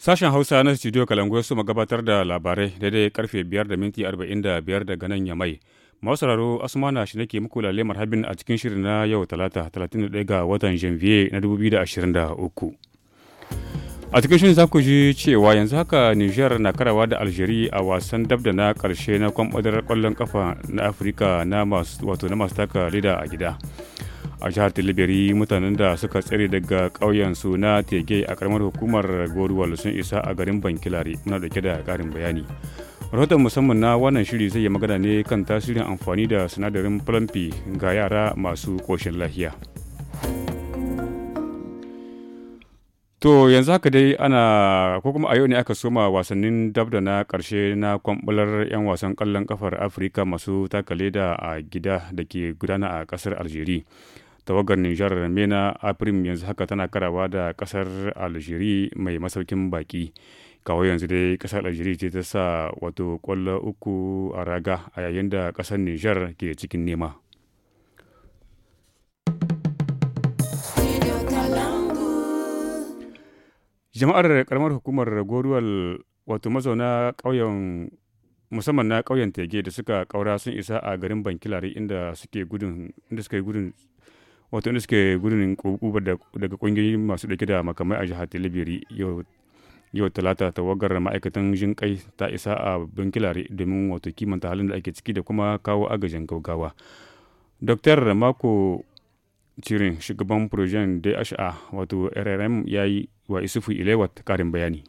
Sashen Hausa na Studio Kalangoyo su gabatar da labarai daidai karfe 5 da minti 45 daga nan Yamai. Masararo Asmana shi nake muku lalemar habin a cikin shirin na yau Talata 31 ga watan Janvier na 2023. A cikin shirin za ku ji cewa yanzu haka niger na karawa da Algeri a wasan dab na karshe na kwamfadar kwallon kafa na Afirka na masu taka leda a gida. a jihar tilibiri mutanen da suka tsere daga ƙauyen su na tege a karamar hukumar goruwal sun isa a garin bankilari muna dauke da ƙarin bayani rahoton musamman na wannan shiri zai yi magana ne kan tasirin amfani da sinadarin plumpy ga yara masu ƙoshin lahiya To yanzu haka dai ana ko kuma a yau ne aka soma wasannin dabda na karshe na kwambular 'yan wasan kallon kafar Afirka masu takale da a gida da ke gudana a ƙasar Algeria. tawagar nijar mena aprim yanzu haka tana karawa da kasar algeria mai masaukin baki kawo yanzu dai kasar algeria ce ta sa wato kwallo uku a raga a yayin da kasar nijar ke cikin nema jama'ar karamar hukumar goruwal wato mazauna ƙauyen musamman na ƙauyen tege da suka ƙaura sun isa a garin bankilari inda suke suka yi gudun wato inda suke gudun kubar daga kungiyoyi masu dauke da makamai a jihar talibiri yau talata tawagar ma'aikatan jin kai ta isa a bankilari domin wato kimanta halin da ake ciki da kuma kawo agajin gaugawa dr mako cirin shugaban projen da wato rrm ya yi wa isufu ilewat karin bayani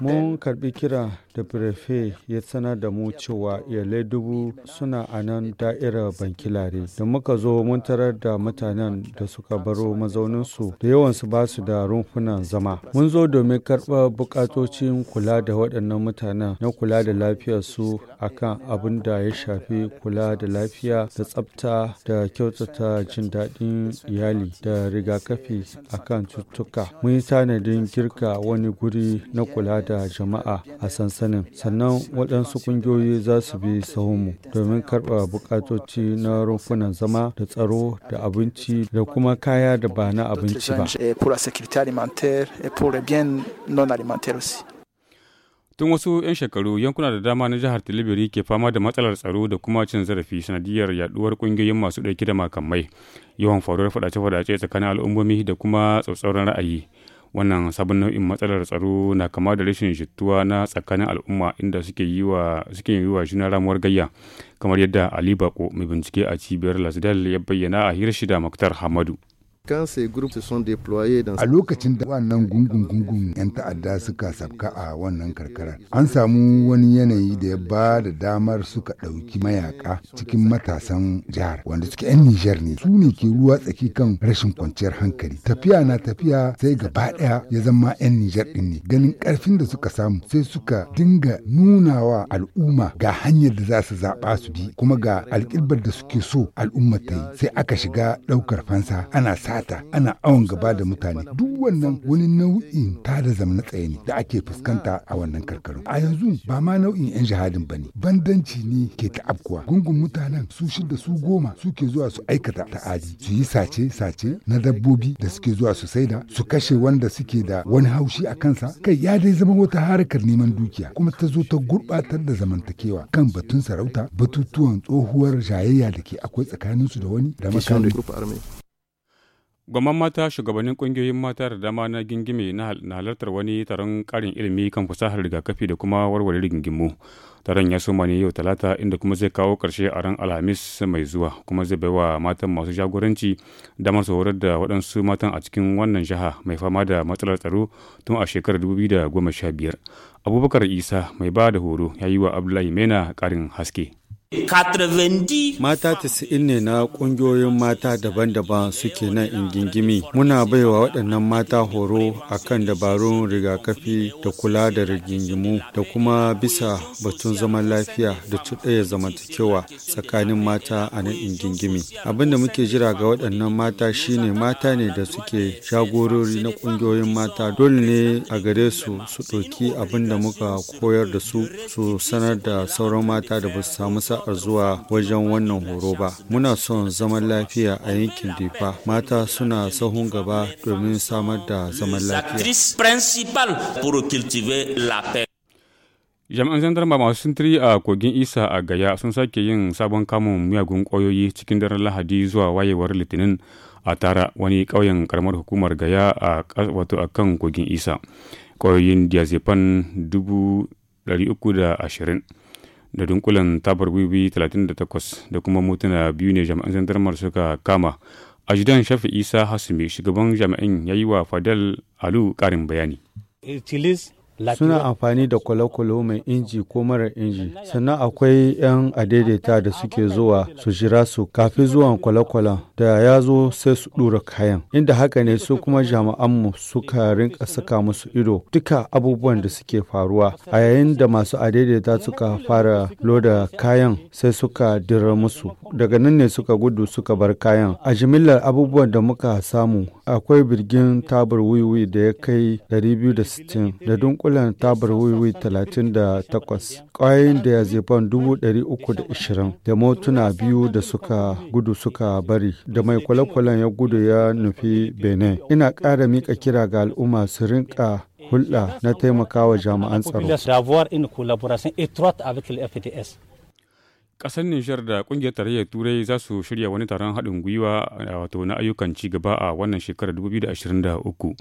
Mun karbi kira da prefe ya sanar da mu cewa iyalai dubu suna a nan da'irar bankilare. Da muka zo mun tarar da mutanen da suka baro mazauninsu da yawansu ba su da rumfunan zama. Mun zo domin karɓar bukatocin kula da waɗannan mutanen na kula da lafiyarsu akan abin da ya shafi kula da lafiya da tsafta da kyautata jin daɗin iyali da rigakafi akan cututtuka. Mun yi tanadin girka wani guri guri na kula da jama'a a sansanin sannan waɗansu ƙungiyoyi za su bi sahunmu domin karɓa buƙatoci na rumfunan zama da tsaro da abinci da kuma kaya da ba na abinci ba. Tun wasu 'yan shekaru yankuna da dama na jihar Tilibiri ke fama da matsalar tsaro da kuma cin zarafi sanadiyar yaduwar kungiyoyin masu ɗauki da makamai, yawan faruwar fadace-fadace tsakanin al'ummomi da kuma tsautsauran ra'ayi. wannan sabon nau'in matsalar tsaro na kama da rashin jituwa na tsakanin al'umma inda suke yi wa suke yi wa juna ramuwar gayya kamar yadda ali bako mai bincike a cibiyar lasdal ya bayyana a hirar shida maktar hamadu A lokacin da wannan gungun-gungun 'yan ta'adda suka sabka a wannan karkarar, an samu wani yanayi da ya ba da damar suka ɗauki mayaka cikin matasan jihar wanda suke 'yan Nijar ne. Su ne ke ruwa tsaki kan rashin kwanciyar hankali. Tafiya na tafiya sai gaba ɗaya ya zama 'yan Nijar ɗin ne. Ganin ƙarfin da suka samu sai suka dinga nunawa al'umma ga hanyar da za su zaɓa su bi kuma ga alƙilbar da suke so al'umma ta yi. Sai aka shiga ɗaukar fansa ana sa sata ana awon gaba da mutane duk wannan wani nau'in tada zamna tsaye ne da ake fuskanta a wannan karkarun a yanzu ba ma nau'in yan jihadin ba ne bandanci ne ke ta'abkuwa gungun mutanen su shida su goma suke zuwa su aikata ta'adi su yi sace sace na dabbobi da suke zuwa su saida su kashe wanda suke da wani haushi a kansa kai ya dai zama wata harkar neman dukiya kuma ta zo ta gurbatar da zamantakewa kan batun sarauta batutuwan tsohuwar jayayya da ke akwai tsakaninsu da wani da makamai. Gwamman mata shugabannin kungiyoyin mata da dama na gingime na halartar wani taron karin ilimi kan fasahar rigakafi da kuma warware rigingimu. Taron ya soma ne yau talata inda kuma zai kawo karshe a ran alhamis mai zuwa kuma zai baiwa matan masu jagoranci damar su horar da waɗansu matan a cikin wannan jiha mai fama da matsalar tsaro tun a shekarar goma sha biyar Abubakar Isa mai ba da horo ya yi wa Abdullahi Mena karin haske. Mata tasa'in ne na ƙungiyoyin mata daban-daban suke nan in gingimi. Muna baiwa waɗannan mata horo a kan dabarun rigakafi da kula da rigingimu da kuma bisa batun zaman lafiya da cuɗaya zamantakewa tsakanin mata a nan in gingimi. Abin da muke jira ga waɗannan mata shi ne mata ne da suke shagorori na ƙungiyoyin mata dole ne a gare su su ɗauki abin da muka koyar da su su sanar da sauran mata da ba su samu sa a zuwa wajen wannan horo ba. Muna son zaman lafiya a yankin Difa. Mata suna sahun gaba domin samar da zaman lafiya. jami'an zandarma masu sintiri a kogin isa a gaya sun sake yin sabon kamun miyagun ƙwayoyi cikin daren lahadi zuwa wayewar litinin a tara wani ƙauyen karamar hukumar gaya a wato a kan kogin isa ƙwayoyin diazepam 320 da dunkulen tabar wiwi 38 da kuma mutuna biyu ne jami'an zandarmar suka kama ajidan shafi isa hasumi shugaban jami'in ya yi wa fadal alu karin bayani suna amfani da kwale-kwale mai inji ko marar inji sannan akwai 'yan adaidaita da suke zuwa su jira su kafin zuwan kwale-kwalen da ya zo sai su ɗura kayan inda haka ne su kuma jami'anmu suka rinka saka musu ido duka abubuwan da suke faruwa a yayin da masu adaidaita suka fara loda kayan sai suka dira musu daga nan ne suka gudu suka bar kayan a jimillar abubuwan da muka samu akwai birgin tabar wiwi da ya kai 260 da dunkulen tabar wiwi 38 kwayoyin da ya zeban 320 da motuna biyu da suka gudu suka bari da mai kwale-kwalen ya gudu ya nufi benin ina ƙara mika kira ga al'umma su rinka hulɗa na taimakawa jami'an tsaro Ƙasar Nijar da ƙungiyar tarayyar Turai za su shirya wani taron haɗin gwiwa wato na ayyukan ci gaba a wannan shekarar 2023.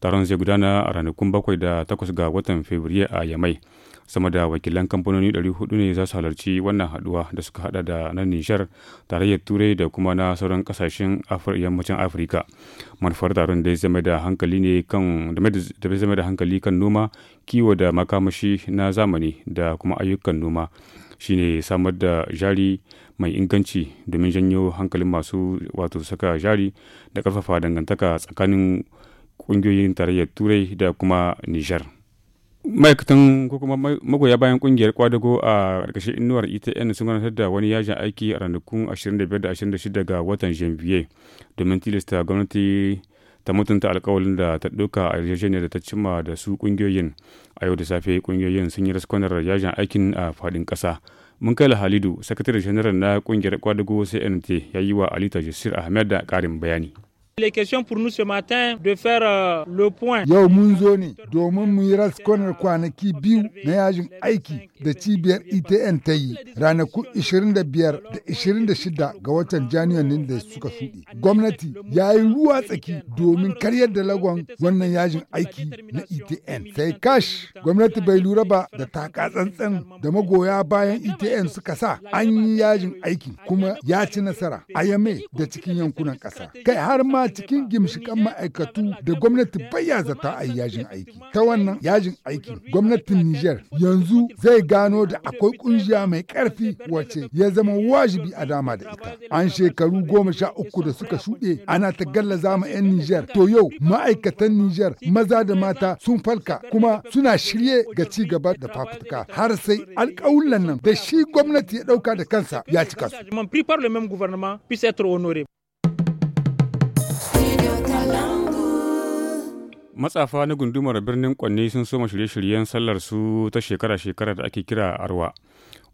Taron zai gudana a ranakun bakwai da takwas ga watan Fabrairu a Yamai. Sama da wakilan kamfanoni 400 ne za su halarci wannan haɗuwa da suka haɗa da na Nijar, tarayyar Turai da kuma na sauran kasashen yammacin Afirka. Manufar taron da zama da hankali ne zama da hankali kan noma, kiwo da makamashi na zamani da kuma ayyukan noma. shine samar da jari mai inganci domin janyo hankalin masu wato saka jari da karfafa dangantaka tsakanin ƙungiyoyin tarayyar turai da kuma nijar ma'aikatan ko kuma magoya bayan kungiyar kwadago a ƙarƙashin inuwar etn sun gudanar da wani yajin aiki a ranakun 25 da 26 ga watan janvier domin tilasta gwamnati ta mutunta alkawalin da ta ɗauka a yarjejeniyar da ta cimma da su ƙungiyoyin a yau da safe ƙungiyoyin sun yi raskonar yajin aikin a faɗin ƙasa munkala halidu sakatare janar na ƙungiyar kwadago cnt ya yi wa alita jasir ahmed da ƙarin bayani Les questions pour nous ce matin de faire euh, le point. Yau mun zo ne domin mu yi raskonar kwanaki biyu na yajin aiki da cibiyar ITN e ta yi ranaku 25 da 26 ga watan Janairun da suka shuɗe. Gwamnati ya yi ruwa tsaki domin karyar da lagon wannan yajin aiki na ITN. E Sai kash gwamnati bai lura ba da taka tsantsan da magoya bayan ITN e suka sa an yi yajin aiki kuma ya ci nasara a yame da cikin yankunan ƙasa. Kai har ma a cikin gimshikan ma'aikatu da gwamnati baya zata a yajin aiki. Ta wannan yajin aiki gwamnatin Nijar yanzu zai gano da akwai kungiya mai karfi wace ya zama wajibi a dama da ita. An shekaru goma sha uku da suka shuɗe ana ta gallaza ma 'yan Nijar. To yau ma'aikatan Nijar maza da mata sun falka kuma suna shirye ga ci gaba da fafutuka har sai alƙawullan nan da shi gwamnati ya ɗauka da kansa ya cika su. matsafa na gundumar birnin kwanne sun soma shirye-shiryen sallar su ta shekara-shekara da ake kira arwa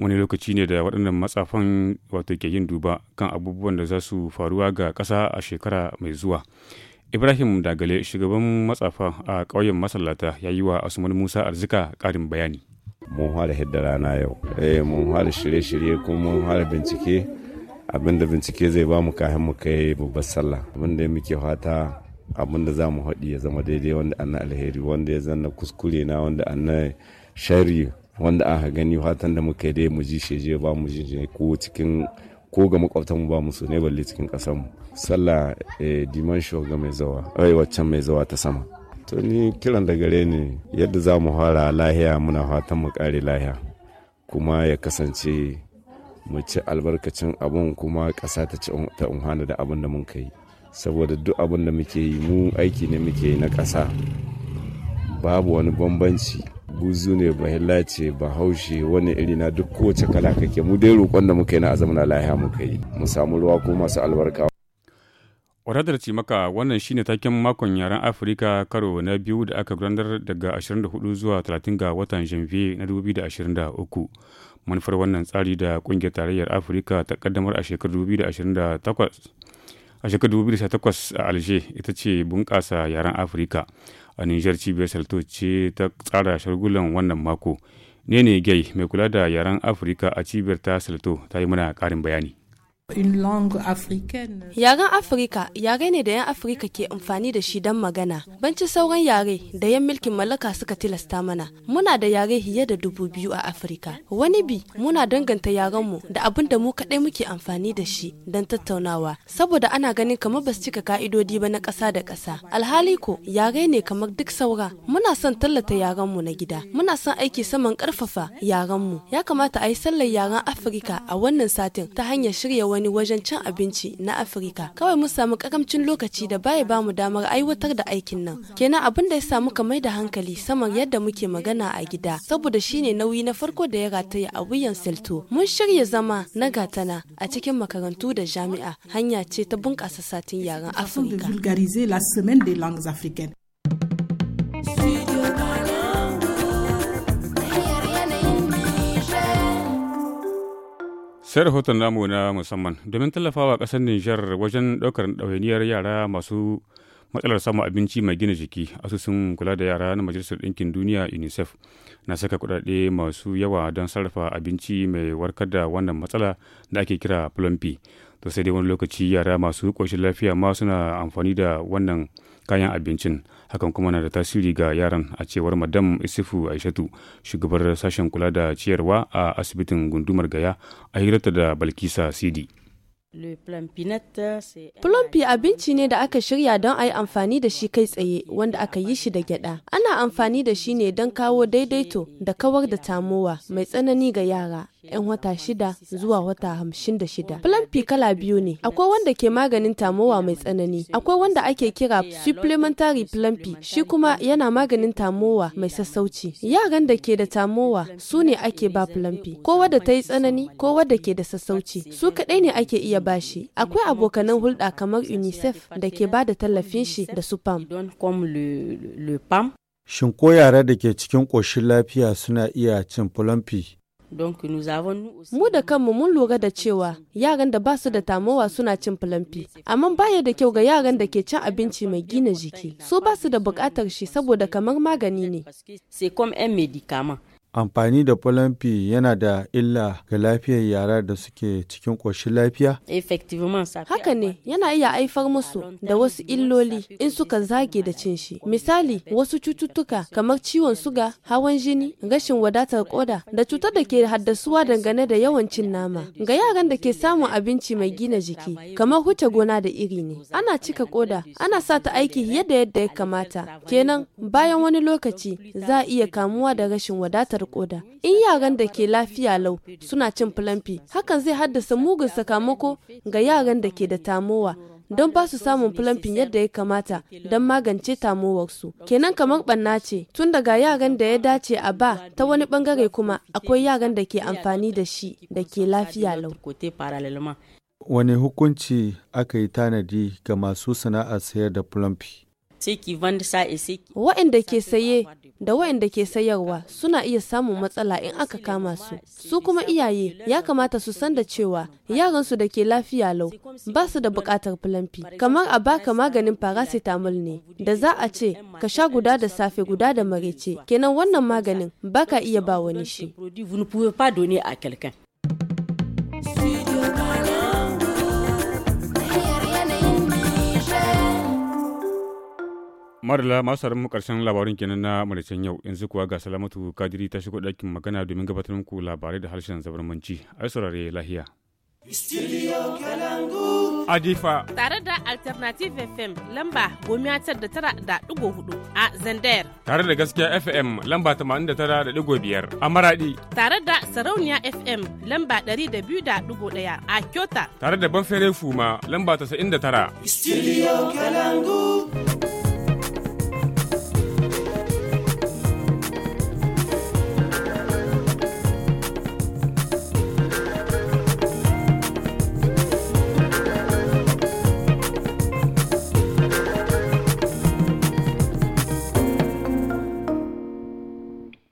wani lokaci ne da waɗannan matsafan wato ke yin duba kan abubuwan da za su faruwa ga ƙasa a shekara mai zuwa ibrahim dagale shugaban matsafa a ƙauyen masallata ya yi wa usman musa arzika ƙarin bayani mun fara hidda rana yau eh mun fara shirye-shirye kuma mun fara bincike abinda bincike zai ba mu kahin mu kai babbar sallah abinda muke fata abin da za mu haɗi ya zama daidai wanda an alheri wanda ya zanna kuskure na wanda an na shari wanda aka gani fatan da muka dai mu ji sheje ba mu ji ko cikin ko ga makwabtanmu ba mu ne balle cikin ƙasarmu sallah eh, diman ga mai zawa ai eh, waccan mai zawa ta sama to ni kiran da gare ni yadda za mu fara lahiya muna fatan mu kare lahiya kuma ya kasance mu ci albarkacin abun kuma ƙasa ta ci ta unhana da abin da mun kai saboda duk abin da muke yi mu aiki ne muke yi na ƙasa babu wani bambanci guzu ne bahilla ce bahaushe wani iri na duk kowace kala kake mu dai roƙon da muka yi na azamin lahiya muka yi mu samu ruwa ko masu albarka wadatar Cimaka wannan shine taken makon yaren Afirka karo na biyu da aka gudanar daga 24 zuwa 30 ga watan Janvier na 2023. Manufar wannan tsari da kungiyar tarayyar Afirka ta kaddamar a shekarar 2028 a shekarar 2018 a alger ita ce bunƙasa yaren afirka a nijar cibiyar salto ce ta tsara shargulan wannan mako ne ne gai mai kula da yaren afirka a cibiyar ta salto ta yi mana ƙarin bayani Yaren Afirka yare ne da 'yan Afirka ke amfani da shi don magana. Banci sauran yare da 'yan milkin mallaka suka tilasta mana. Muna da yare fiye da dubu biyu a Afirka. Wani bi muna danganta yarenmu da abin da mu kaɗai muke amfani da shi don tattaunawa. Saboda ana ganin kamar ba su cika ka'idodi ba na ƙasa da ƙasa. Alhali ko yare ne kamar duk saura. Muna son tallata yarenmu na gida. Muna son aiki saman ƙarfafa yarenmu. Ya kamata a yi sallar yaren Afirka a wannan satin ta hanyar shirya wani wani wajen cin abinci na Afirka. Kawai mun samu karamcin lokaci da baya ba mu damar aiwatar da aikin nan. Kenan abin da ya samu ka mai da hankali saman yadda muke magana a gida saboda shine nauyi na farko da ya rataya a wuyan Selto. Mun shirya zama na gatana a cikin makarantu da jami'a hanya ce ta bunƙasa satin yaren Afirka. sai rahoton namu na musamman domin tallafawa kasar Nijar wajen ɗaukar ɗawainiyar yara masu matsalar samun abinci mai gina jiki asusun kula da yara na majalisar ɗinkin duniya unicef na saka kuɗaɗe masu yawa don sarrafa abinci mai warkar da wannan matsala da ake kira plumpy to sai dai wani lokaci yara masu ƙoshin lafiya ma suna amfani da wannan kayan abincin hakan kuma na da tasiri ga yaran a cewar madam isifu aishatu shugabar sashen kula da ciyarwa a asibitin gundumar gaya a hirarta da balkisa sidi Plumpy abinci ne da aka shirya don a yi amfani da shi kai tsaye wanda aka yi shi da gyada. Ana amfani da shi ne don kawo daidaito da kawar da tamowa mai tsanani ga yara. 'yan wata shida zuwa wata hamshin da shida. Plumpy kala biyu ne, akwai wanda ke maganin tamowa mai tsanani, akwai wanda ake kira supplementary plumpy shi kuma yana maganin tamowa mai sassauci. Yaran da ke da tamowa su ne ake ba plumpy, ko wadda ta yi tsanani ko wadda ke da sassauci, su kaɗai ne ake iya ba shi. Akwai abokanan hulɗa kamar UNICEF da ke ba da tallafin shi da su PAM. Shin ko yara da ke cikin ƙoshin lafiya suna iya cin plumpy? Mu da kanmu mun lura da cewa yaran da ba su da tamowa suna cin filamfi, amma baya da kyau ga yaran da ke cin abinci mai gina jiki, su ba su da bukatar shi saboda kamar magani ne. amfani da falamfi yana da illa ga lafiyar yara da suke cikin ƙoshin lafiya? Haka ne yana iya haifar musu da wasu illoli in suka zage da cin shi. Misali wasu cututtuka kamar ciwon suga, hawan jini, rashin wadatar koda da cutar da ke haddasuwa dangane da yawan cin nama. Ga yaran da ke samun abinci mai gina jiki kamar huce gona da iri ne. Ana cika koda, ana sa ta aiki yadda yadda ya kamata. Kenan bayan wani lokaci za a iya kamuwa da rashin wadatar kansar koda. In yaran da ke lafiya lau suna cin filamfi, hakan zai haddasa mugun sakamako ga yaran da ke da tamowa don ba su samun filamfin yadda ya kamata don magance tamowarsu. Kenan kamar ɓanna ce, tun daga yaran da ya dace a ba ta wani bangare kuma akwai yaran da ke amfani da shi da ke lafiya lau. wani hukunci aka yi tanadi ga masu sana'ar sayar da filamfi? Waɗanda e ke saye da waɗanda ke sayarwa suna iya samun matsala in aka kama su. Su kuma iyaye ya kamata su san da cewa yaransu da ke lafiya lau ba su da buƙatar filamfi. Kamar a baka maganin paracetamol ne da za a ce ka sha guda da safe guda da marece. Kenan wannan maganin baka iya ba wani shi. Madala masu mu karshen labarin kenan na maricen yau yanzu kuwa ga salamatu kadiri ta shigo ɗakin magana domin gabatar muku labarai da harshen zabarmanci a saurare lahiya. Studio Adifa. Tare da Alternative FM lamba gomiya tar da tara da ɗigo hudu a Zandayar. Tare da gaskiya FM lamba tamanin da tara da ɗigo biyar a Maradi. Tare da Sarauniya FM lamba ɗari da biyu da ɗigo ɗaya a Kyota. Tare da Banfere Fuma lamba tasa'in da tara. Studio Kalangu.